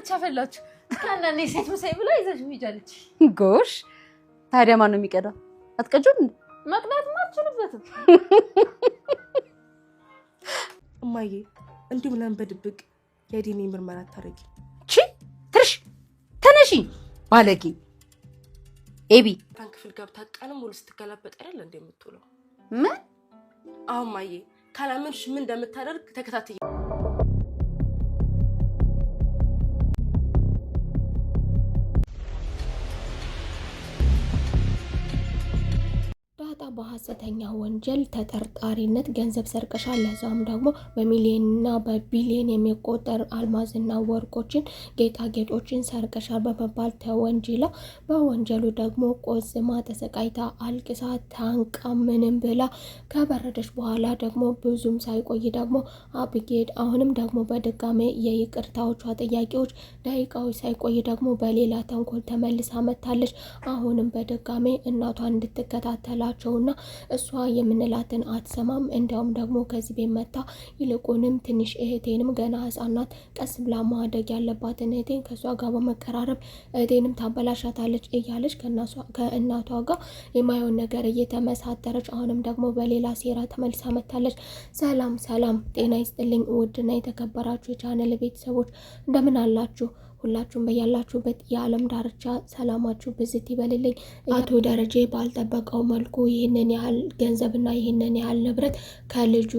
ብቻ ፈላችሁ። ከአንዳንዴ ሴት መሳይ ብላ ይዘሽ ሚጃለች። ጎሽ፣ ታዲያ ማን የሚቀዳው? አትቀጁም? መቅዳትም አልችልበትም። እማዬ እንዲሁም ለምን በድብቅ የዲኔ ምርመራ አታደርጊ? ቺ ትርሽ ተነሺ፣ ባለጌ ኤቢ። ታን ክፍል ገብታ ቀን ሙሉ ስትገላበጥ አይደል ምን? አሁን እማዬ ካላመንሽ ምን እንደምታደርግ ተከታተይ። በሐሰተኛ ወንጀል ተጠርጣሪነት ገንዘብ ሰርቀሻል፣ ለዛም ደግሞ በሚሊዮንና በቢሊዮን የሚቆጠር አልማዝና ወርቆችን ጌጣጌጦችን ሰርቀሻል በመባል ተወንጅላ በወንጀሉ ደግሞ ቆዝማ ተሰቃይታ አልቅሳ ታንቃ ምንም ብላ ከበረደች በኋላ ደግሞ ብዙም ሳይቆይ ደግሞ አብጌድ አሁንም ደግሞ በድጋሜ የይቅርታዎቿ ጥያቄዎች ደቂቃዎች ሳይቆይ ደግሞ በሌላ ተንኮል ተመልሳ መታለች። አሁንም በድጋሜ እናቷን እንድትከታተላቸውና እሷ የምንላትን አትሰማም። እንዲያውም ደግሞ ከዚህ ቤት መታ ይልቁንም ትንሽ እህቴንም ገና ህጻናት ቀስ ብላ ማደግ ያለባትን እህቴን ከእሷ ጋር በመቀራረብ እህቴንም ታበላሻታለች እያለች ከእናቷ ጋር የማየውን ነገር እየተመሳተረች አሁንም ደግሞ በሌላ ሴራ ተመልሳ መታለች። ሰላም ሰላም፣ ጤና ይስጥልኝ ውድና የተከበራችሁ የቻነል ቤተሰቦች እንደምን አላችሁ? ሁላችሁም በያላችሁበት የዓለም ዳርቻ ሰላማችሁ ብዝት ይበልልኝ። አቶ ደረጀ ባልጠበቀው መልኩ ይህንን ያህል ገንዘብና ይህንን ያህል ንብረት ከልጁ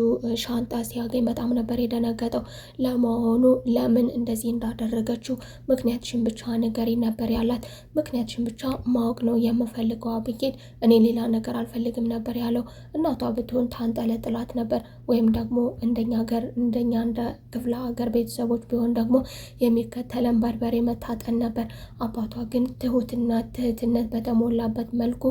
ሻንጣ ሲያገኝ በጣም ነበር የደነገጠው። ለመሆኑ ለምን እንደዚህ እንዳደረገችው ምክንያትሽን ብቻ ንገሪ ነበር ያላት። ምክንያትሽን ብቻ ማወቅ ነው የምፈልገው አብጌል፣ እኔ ሌላ ነገር አልፈልግም ነበር ያለው። እናቷ ብትሆን ታንጠለጥላት ነበር ወይም ደግሞ እንደኛ ገር እንደኛ እንደ ክፍለ ሀገር ቤተሰቦች ቢሆን ደግሞ የሚከተለን በርበሬ መታጠን ነበር። አባቷ ግን ትሁትና ትህትነት በተሞላበት መልኩ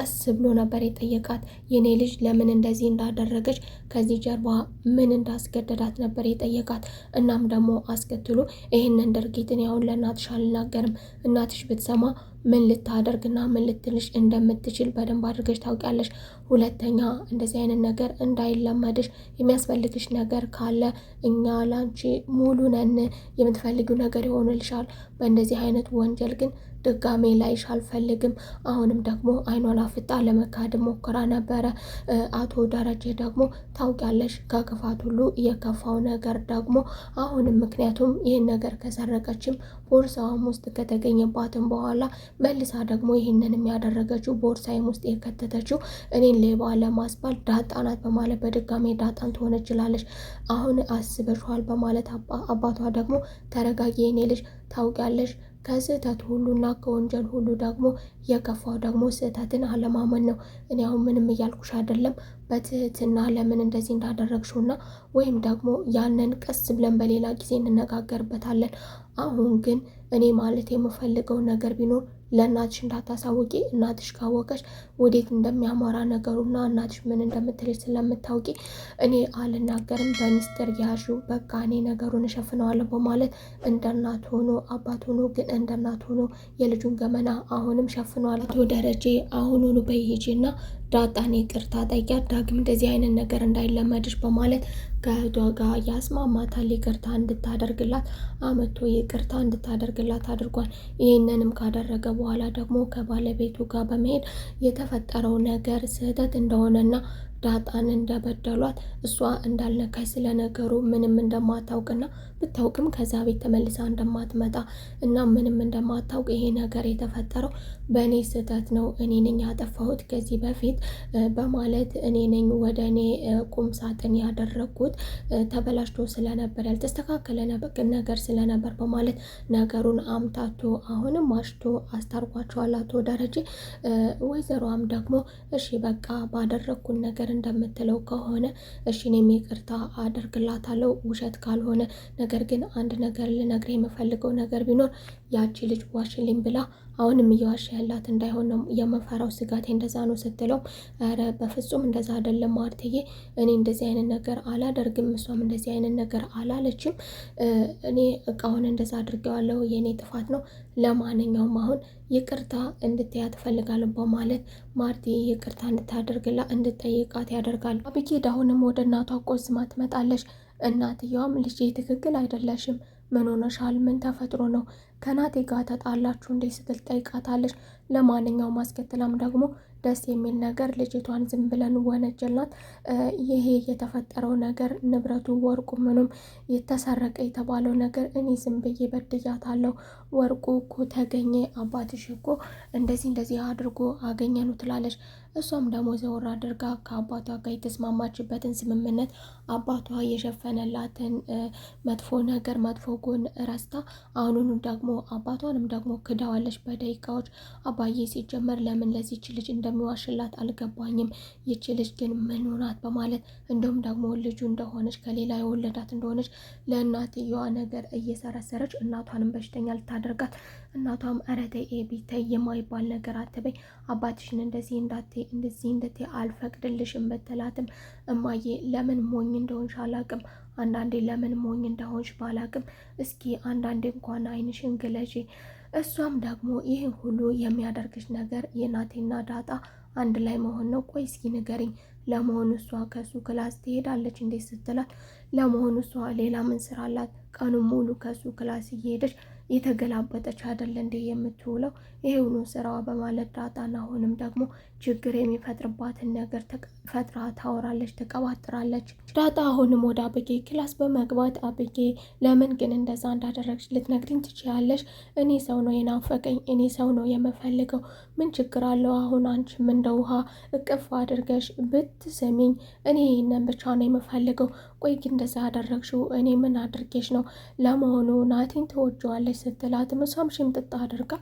ቀስ ብሎ ነበር የጠየቃት። የኔ ልጅ ለምን እንደዚህ እንዳደረገች ከዚህ ጀርባ ምን እንዳስገደዳት ነበር የጠየቃት። እናም ደግሞ አስከትሎ ይህንን ድርጊትን ያሁን ለእናትሽ አልናገርም፣ እናትሽ ብትሰማ ምን ልታደርግና ምን ልትልሽ እንደምትችል በደንብ አድርገሽ ታውቂያለሽ። ሁለተኛ እንደዚህ አይነት ነገር እንዳይለመድሽ የሚያስፈልግሽ ነገር ካለ እኛ ላንቺ ሙሉ ነን፣ የምትፈልጊው ነገር ይሆንልሻል። በእንደዚህ አይነት ወንጀል ግን ድጋሜ ላይሽ አልፈልግም። አሁንም ደግሞ አይኗን አፍጣ ለመካድ ሞክራ ነበረ። አቶ ደረጀ ደግሞ ታውቂያለሽ፣ ከክፋት ሁሉ የከፋው ነገር ደግሞ አሁንም ምክንያቱም ይህን ነገር ከሰረቀችም ቦርሳዋም ውስጥ ከተገኘባትም በኋላ መልሳ ደግሞ ይህንን ያደረገችው ቦርሳይም ውስጥ የከተተችው እኔን ሌባ ለማስባል ዳጣናት በማለት በድጋሜ ዳጣን ትሆን አሁን አስበሸዋል በማለት አባቷ ደግሞ ተረጋጊ የኔ ልጅ ታውቂያለሽ ከስህተት ሁሉና ከወንጀል ሁሉ ደግሞ የከፋው ደግሞ ስህተትን አለማመን ነው። እኔ አሁን ምንም እያልኩሽ አይደለም። በትህትና ለምን እንደዚህ እንዳደረግሽውና ወይም ደግሞ ያንን ቀስ ብለን በሌላ ጊዜ እንነጋገርበታለን። አሁን ግን እኔ ማለት የምፈልገው ነገር ቢኖር ለእናትሽ እንዳታሳውቂ፣ እናትሽ ካወቀች ወዴት እንደሚያመራ ነገሩና እናትሽ ምን እንደምትል ስለምታውቂ እኔ አልናገርም፣ በሚስጥር ያዥ፣ በቃ እኔ ነገሩን እሸፍነዋለሁ በማለት እንደ እናት ሆኖ አባት ሆኖ ግን እንደ እናት ሆኖ የልጁን ገመና አሁንም ሸፍነዋል። አቶ ደረጀ አሁኑኑ በይሄጂና ዳጣኔ ቅርታ ጠይቂያት፣ ዳግም እንደዚህ አይነት ነገር እንዳይለመድሽ በማለት ከእህቷ ጋር ያስማማታል። ይቅርታ እንድታደርግላት አመቶ ይቅርታ እንድታደርግላት አድርጓል። ይህንንም ካደረገ በኋላ ደግሞ ከባለቤቱ ጋር በመሄድ የተፈጠረው ነገር ስህተት እንደሆነና ዳጣን እንደበደሏት እሷ እንዳልነካች ስለነገሩ ምንም እንደማታውቅና ብታውቅም ከዛ ቤት ተመልሳ እንደማትመጣ እና ምንም እንደማታውቅ ይሄ ነገር የተፈጠረው በእኔ ስህተት ነው፣ እኔ ነኝ ያጠፋሁት ከዚህ በፊት በማለት እኔ ነኝ ወደ እኔ ቁም ሳጥን ያደረግኩት ተበላሽቶ ስለነበር ያልተስተካከለ ነገር ስለነበር በማለት ነገሩን አምታቶ አሁንም አሽቶ አስታርቋቸዋል አቶ ደረጀ። ወይዘሮዋም ደግሞ እሺ በቃ ባደረግኩን ነገር እንደምትለው ከሆነ እሺ እኔም ይቅርታ አደርግላታለሁ ውሸት ካልሆነ። ነገር ግን አንድ ነገር ልነግር የምፈልገው ነገር ቢኖር ያቺ ልጅ ዋሽልኝ ብላ አሁንም እየዋሸ ያላት እንዳይሆን ነው የምፈራው፣ ስጋቴ እንደዛ ነው ስትለው፣ ኧረ በፍጹም እንደዛ አይደለም ማርትዬ፣ እኔ እንደዚህ አይነት ነገር አላደርግም፣ እሷም እንደዚህ አይነት ነገር አላለችም። እኔ እቃውን እንደዛ አድርገዋለሁ፣ የእኔ ጥፋት ነው። ለማንኛውም አሁን ይቅርታ እንድትያ እፈልጋለሁ በማለት ማርቲ ይቅርታ እንድታደርግላ እንድጠይቃት ያደርጋል። አብጌድ አሁንም ወደ እናቷ ቆዝማ ትመጣለች። እናትየዋም ልጄ ትክክል አይደለሽም ምን ሆነሻል? ምን ተፈጥሮ ነው? ከናቴ ጋር ተጣላችሁ እንዴ? ስትል ጠይቃታለች። ለማንኛውም አስከትላም ደግሞ ደስ የሚል ነገር ልጅቷን ዝም ብለን ወነጀልናት። ይሄ የተፈጠረው ነገር ንብረቱ፣ ወርቁ፣ ምኑም የተሰረቀ የተባለው ነገር እኔ ዝም ብዬ በድያታለሁ። ወርቁ እኮ ተገኘ፣ አባትሽ እኮ እንደዚህ እንደዚህ አድርጎ አገኘኑ ትላለች። እሷም ደግሞ ዘወር አድርጋ ከአባቷ ጋር የተስማማችበትን ስምምነት አባቷ የሸፈነላትን መጥፎ ነገር መጥፎ ጎን ረስታ አሁኑኑ ደግሞ አባቷንም ደግሞ ክዳዋለች በደቂቃዎች። አባዬ ሲጀመር ለምን ለዚች ልጅ እንደ እንደሚዋሽላት አልገባኝም። ይቺ ልጅ ግን ምን ሆናት በማለት እንዲሁም ደግሞ ልጁ እንደሆነች ከሌላ የወለዳት እንደሆነች ለእናትየዋ ነገር እየሰረሰረች እናቷንም በሽተኛ ልታደርጋት እናቷም ረተ ኤቢተ የማይባል ነገር አትበይ፣ አባትሽን እንደዚህ እንዳትይ እንደዚህ እንደትይ አልፈቅድልሽም ብትላትም እማዬ ለምን ሞኝ እንደሆንሽ አላቅም አንዳንዴ ለምን ሞኝ እንደሆንሽ ባላቅም እስኪ አንዳንዴ እንኳን አይንሽን ግለጪ። እሷም ደግሞ ይህን ሁሉ የሚያደርግሽ ነገር የናቴና ዳጣ አንድ ላይ መሆን ነው። ቆይ እስኪ ንገሪኝ፣ ለመሆኑ እሷ ከሱ ክላስ ትሄዳለች እንዴ ስትላት፣ ለመሆኑ እሷ ሌላ ምን ስራ አላት? ቀኑ ሙሉ ከሱ ክላስ እየሄደች የተገላበጠች አይደል እንዴ የምትውለው? ይሄ ሁሉ ስራዋ በማለት ዳጣ ናሆንም ደግሞ ችግር የሚፈጥርባትን ነገር ፈጥራ ታወራለች፣ ተቀባጥራለች። ዳጣ አሁንም ወደ አብጌ ክላስ በመግባት አብጌ ለምን ግን እንደዛ እንዳደረግች ልትነግሪኝ ትችያለሽ? እኔ ሰው ነው የናፈቀኝ፣ እኔ ሰው ነው የምፈልገው። ምን ችግር አለው? አሁን አንቺም እንደ ውሃ እቅፍ አድርገሽ ብትስሚኝ፣ እኔ ይህንን ብቻ ነው የምፈልገው። ቆይ ግን እንደዛ ያደረግሽው እኔ ምን አድርጌሽ ነው? ለመሆኑ ናቴን ትወጂዋለሽ? ስትላት እሷም ጥጣ አድርጋ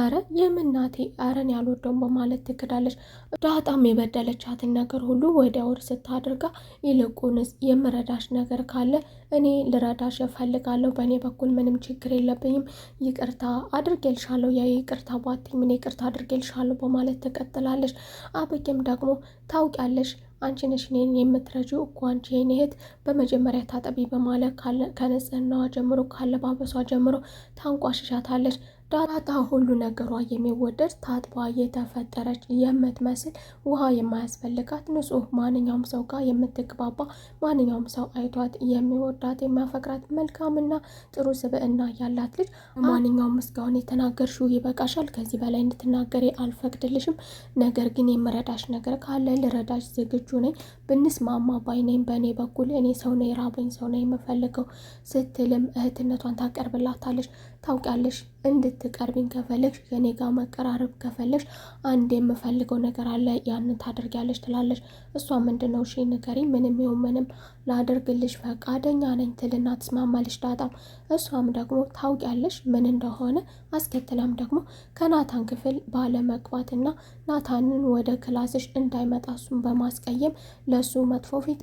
ኧረ የምን ናቴ፣ ኧረ እኔ በማለት ትክዳለች። ዳጣም የበደለቻትን ነገር ሁሉ ወደ ውር ስታደርጋ ይልቁንስ የምረዳሽ ነገር ካለ እኔ ልረዳሽ እፈልጋለሁ። በእኔ በኩል ምንም ችግር የለብኝም። ይቅርታ አድርጌልሻለሁ። ያ ይቅርታ ባቲ ምን ይቅርታ አድርጌልሻለሁ በማለት ትቀጥላለች። አብጌም ደግሞ ታውቂያለሽ አንቺ ነሽ እኔን የምትረጂው እኮ አንቺ የኔ እህት በመጀመሪያ ታጠቢ በማለት ከንጽህናዋ ጀምሮ ካለባበሷ ጀምሮ ታንቋሽሻታለች። ዳጣ ሁሉ ነገሯ የሚወደድ ታጥባ የተፈጠረች የምትመስል ውሃ የማያስፈልጋት ንጹህ ማንኛውም ሰው ጋር የምትግባባ ማንኛውም ሰው አይቷት የሚወዳት የሚያፈቅራት መልካምና ጥሩ ስብዕና ያላት ልጅ ማንኛውም እስካሁን የተናገርሽው ይበቃሻል፣ ከዚህ በላይ እንድትናገሬ አልፈቅድልሽም። ነገር ግን የምረዳሽ ነገር ካለ ልረዳሽ ዝግጁ ነኝ። ብንስማማ ባይነኝ በእኔ በኩል እኔ ሰው ነኝ ራበኝ፣ ሰው ነኝ የምፈልገው ስትልም እህትነቷን ታቀርብላታለች። ታውቂያለሽ እንድትቀርቢኝ ከፈለግሽ የኔ ጋር መቀራረብ ከፈለግሽ አንድ የምፈልገው ነገር አለ፣ ያንን ታደርጊያለሽ ትላለች። እሷ ምንድን ነው እሺ ንገሪኝ፣ ምንም ይሁን ምንም ላደርግልሽ ፈቃደኛ ነኝ ትልና ትስማማለች። ዳጣም እሷም ደግሞ ታውቂያለሽ ምን እንደሆነ አስከትላም ደግሞ ከናታን ክፍል ባለመግባትና ናታንን ወደ ክላስሽ እንዳይመጣ እሱን በማስቀየም ለሱ መጥፎ ፊት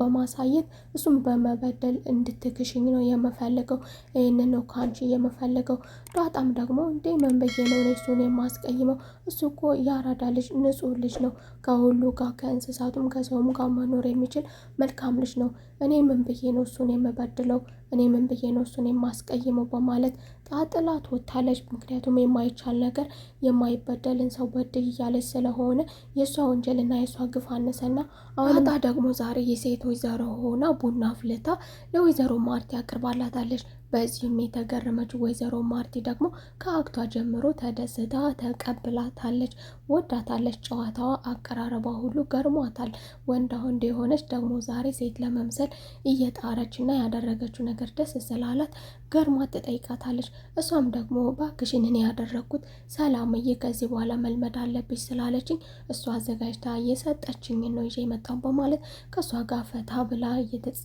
በማሳየት እሱም በመበደል እንድትክሽኝ ነው የምፈልገው። ይህን ነው ከአንቺ የምፈልገው። ዳጣም ደግሞ እንዴ ምን ብዬ ነው እሱን የማስቀይመው? እሱ እኮ ያራዳ ልጅ፣ ንጹህ ልጅ ነው። ከሁሉ ጋር ከእንስሳቱም ከሰውም ጋር መኖር የሚችል መልካም ልጅ ነው። እኔ ምን ብዬ ነው እሱን የምበድለው? እኔ ምን ብዬ ነው እሱን የማስቀይመው በማለት ጣጥላት ወታለች። ምክንያቱም የማይቻል ነገር የማይበደልን ሰው በድይ እያለች ስለሆነ የእሷ ወንጀልና የእሷ ግፍ አነሰና አሁንጣ ደግሞ ዛሬ የሴት ወይዘሮ ሆና ቡና አፍልታ ለወይዘሮ ማርቲ አቅርባላታለች። በዚህም የተገረመችው ወይዘሮ ማርቲ ደግሞ ከአክቷ ጀምሮ ተደስታ ተቀብላታለች፣ ወዳታለች። ጨዋታዋ፣ አቀራረቧ ሁሉ ገርሟታል። ወንድ ወንድ የሆነች ደግሞ ዛሬ ሴት ለመምሰል እየጣረች እና ያደረገችው ነገር ደስ ስላላት ገርማ ትጠይቃታለች። እሷም ደግሞ እባክሽን እኔ ያደረግኩት ሰላምዬ ከዚህ በኋላ መልመድ አለብሽ ስላለችኝ እሷ አዘጋጅታ እየሰጠችኝ ነው ይዤ የመጣው በማለት ከእሷ ጋር ፈታ ብላ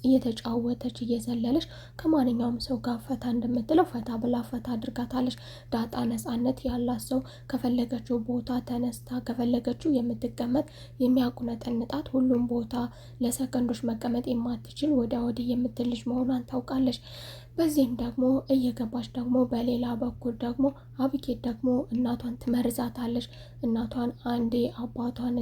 እየተጫወተች እየዘለለች ከማንኛውም ሰው ጋር ፈታ እንደምትለው ፈታ ብላ ፈታ አድርጋታለች። ዳጣ ነፃነት ያላት ሰው ከፈለገችው ቦታ ተነስታ ከፈለገችው የምትቀመጥ የሚያቁነጠንጣት ሁሉም ቦታ ለሰከንዶች መቀመጥ የማትችል ወዲያ ወዲህ የምትልጅ መሆኗን ታውቃለች። በዚህም ደግሞ እየገባች ደግሞ በሌላ በኩል ደግሞ አብኬት ደግሞ እናቷን ትመርዛታለች። እናቷን አንዴ አባቷን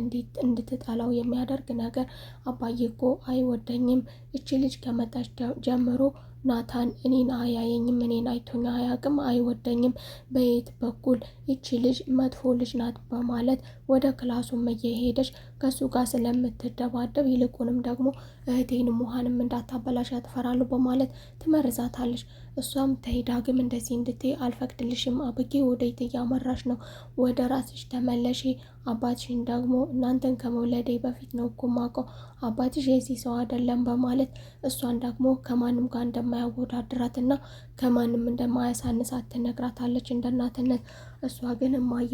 እንድትጠላው የሚያደርግ ነገር አባዬ እኮ አይወደኝም፣ እቺ ልጅ ከመጣች ጀምሮ ናታን እኔን አያየኝም፣ እኔን አይቶኝ አያውቅም፣ አይወደኝም፣ በየት በኩል እቺ ልጅ መጥፎ ልጅ ናት በማለት ወደ ክላሱም እየሄደች ከእሱ ጋር ስለምትደባደብ ይልቁንም ደግሞ እህቴንም ውሃንም እንዳታበላሽ ያትፈራሉ በማለት ትመርዛታለች። እሷም ተይ ዳግም እንደዚህ እንድትይ አልፈቅድልሽም፣ አብጌ ወዴት እያመራሽ ነው? ወደ ራስሽ ተመለሽ አባትሽን ደግሞ እናንተን ከመውለዴ በፊት ነው እኮ የማውቀው፣ አባትሽ የዚህ ሰው አይደለም በማለት እሷን ደግሞ ከማንም ጋር እንደማያወዳድራትና ከማንም እንደማያሳንሳት ትነግራታለች እንደናትነት። እሷ ግን እማዬ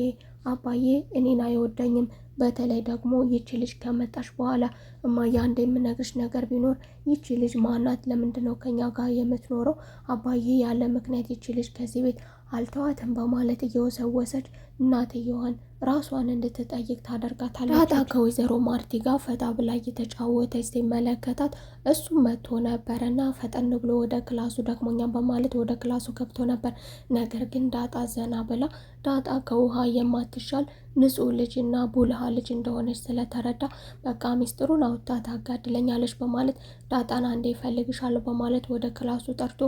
አባዬ እኔን አይወደኝም። በተለይ ደግሞ ይቺ ልጅ ከመጣች በኋላ እማ አንድ የምነግርሽ ነገር ቢኖር ይቺ ልጅ ማናት? ለምንድን ነው ከኛ ጋር የምትኖረው? አባዬ ያለ ምክንያት ይቺ ልጅ ከዚህ ቤት አልተዋትም በማለት እየወሰወሰች እናትየዋን ራሷን እንድትጠይቅ ታደርጋታለች። ዳጣ ከወይዘሮ ማርቲ ጋር ፈታ ብላ እየተጫወተች ሲመለከታት እሱ መጥቶ ነበር እና ፈጠን ብሎ ወደ ክላሱ ደክሞኛ በማለት ወደ ክላሱ ገብቶ ነበር። ነገር ግን ዳጣ ዘና ብላ ዳጣ ከውሃ የማትሻል ንጹህ ልጅ እና ቡልሃ ልጅ እንደሆነች ስለተረዳ በቃ ሚስጥሩን አውጥታ ታጋድለኛለች በማለት ዳጣን አንዴ ይፈልግሻለሁ በማለት ወደ ክላሱ ጠርቶ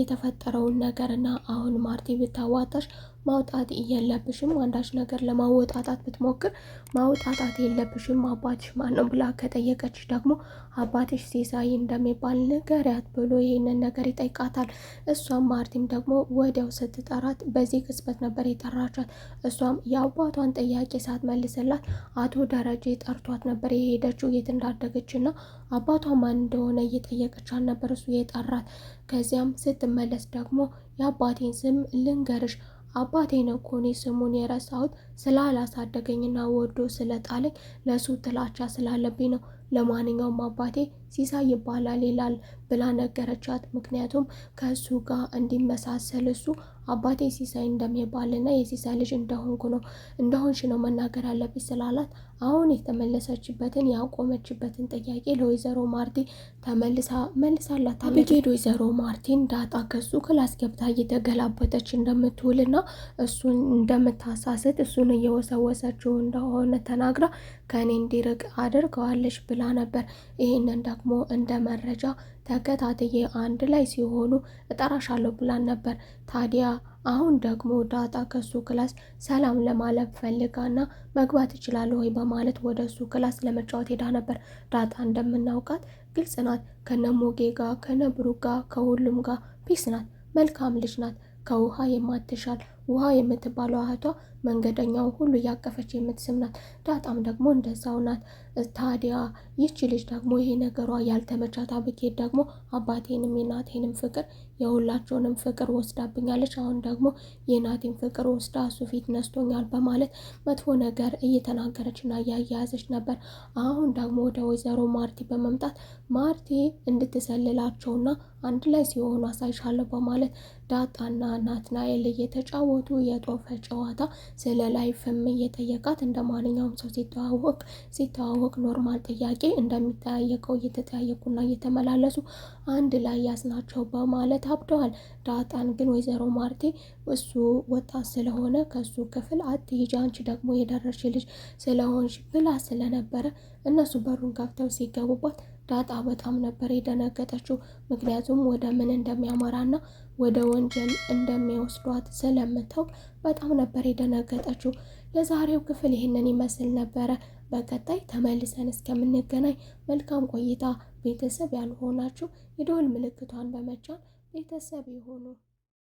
የተፈጠረውን ነገር እና አሁን ማርቲ ብታዋጣሽ ማውጣት የለብሽም። አንዳች ነገር ለማወጣጣት ብትሞክር ማውጣጣት የለብሽም አባትሽ ማን ነው ብላ ከጠየቀች ደግሞ አባትሽ ሲሳይ እንደሚባል ንገሪያት ብሎ ይህንን ነገር ይጠይቃታል። እሷም ማርቲም ደግሞ ወዲያው ስትጠራት በዚህ ክስበት ነበር የጠራቻት። እሷም የአባቷን ጥያቄ ሳትመልስላት አቶ ደረጀ ጠርቷት ነበር የሄደችው የት እንዳደገች እንዳደገችና አባቷ ማን እንደሆነ እየጠየቀቻት ነበር እሱ የጠራት። ከዚያም ስትመለስ ደግሞ የአባቴን ስም ልንገርሽ አባቴ ነው እኮ እኔ ስሙን የረሳሁት ስላላሳደገኝና ወዶ ስለጣለኝ ለሱ ጥላቻ ስላለብኝ ነው። ለማንኛውም አባቴ ሲሳይ ይባላል ይላል ብላ ነገረቻት። ምክንያቱም ከእሱ ጋር እንዲመሳሰል እሱ አባቴ ሲሳይ እንደሚባልና የሲሳይ ልጅ እንደሆንኩ ነው እንደሆንሽ ነው መናገር ያለብሽ ስላላት አሁን የተመለሰችበትን ያቆመችበትን ጥያቄ ለወይዘሮ ማርቲ ተመልሳ መልሳላት። አብጌድ ወይዘሮ ማርቲን ዳጣ ከሱ ክላስ ገብታ እየተገላበጠች እንደምትውልና እሱን እንደምታሳስት እሱ እጁን እየወሰወሰችው እንደሆነ ተናግራ ከእኔ እንዲርቅ አድርገዋለች ብላ ነበር። ይህንን ደግሞ እንደ መረጃ ተከታትዬ አንድ ላይ ሲሆኑ እጠራሻለሁ ብላን ነበር። ታዲያ አሁን ደግሞ ዳጣ ከሱ ክላስ ሰላም ለማለፍ ፈልጋና መግባት እችላለሁ ወይ በማለት ወደ እሱ ክላስ ለመጫወት ሄዳ ነበር። ዳጣ እንደምናውቃት ግልጽ ናት። ከነሞጌ ጋር፣ ከነብሩ ጋር፣ ከሁሉም ጋር ፒስ ናት። መልካም ልጅ ናት። ከውሃ የማትሻል ውሃ የምትባለው እህቷ መንገደኛው ሁሉ እያቀፈች የምትስም ናት። ዳጣም ደግሞ እንደዛው ናት። ታዲያ ይቺ ልጅ ደግሞ ይሄ ነገሯ ያልተመቻታ ብኬት ደግሞ አባቴንም የናቴንም ፍቅር የሁላቸውንም ፍቅር ወስዳብኛለች፣ አሁን ደግሞ የናቴን ፍቅር ወስዳ እሱ ፊት ነስቶኛል በማለት መጥፎ ነገር እየተናገረችና እያያያዘች ነበር። አሁን ደግሞ ወደ ወይዘሮ ማርቲ በመምጣት ማርቲ እንድትሰልላቸውና አንድ ላይ ሲሆኑ አሳይሻለሁ በማለት ዳጣና ናትናኤል እየተጫወ እየተጫወቱ የጦፈ ጨዋታ ስለ ላይፍም እየጠየቃት እንደ ማንኛውም ሰው ሲተዋወቅ ሲተዋወቅ ኖርማል ጥያቄ እንደሚጠያየቀው እየተጠያየቁና እየተመላለሱ አንድ ላይ ያስናቸው በማለት አብደዋል። ዳጣን ግን ወይዘሮ ማርቴ እሱ ወጣት ስለሆነ ከሱ ክፍል አትሂጂ፣ አንቺ ደግሞ የደረሽ ልጅ ስለሆንሽ ብላ ስለነበረ እነሱ በሩን ከፍተው ሲገቡባት ዳጣ በጣም ነበር የደነገጠችው። ምክንያቱም ወደ ምን እንደሚያመራና ወደ ወንጀል እንደሚወስዷት ስለምታውቅ በጣም ነበር የደነገጠችው። የዛሬው ክፍል ይህንን ይመስል ነበረ። በቀጣይ ተመልሰን እስከምንገናኝ መልካም ቆይታ። ቤተሰብ ያልሆናችሁ የደወል ምልክቷን በመጫን ቤተሰብ ይሁኑ።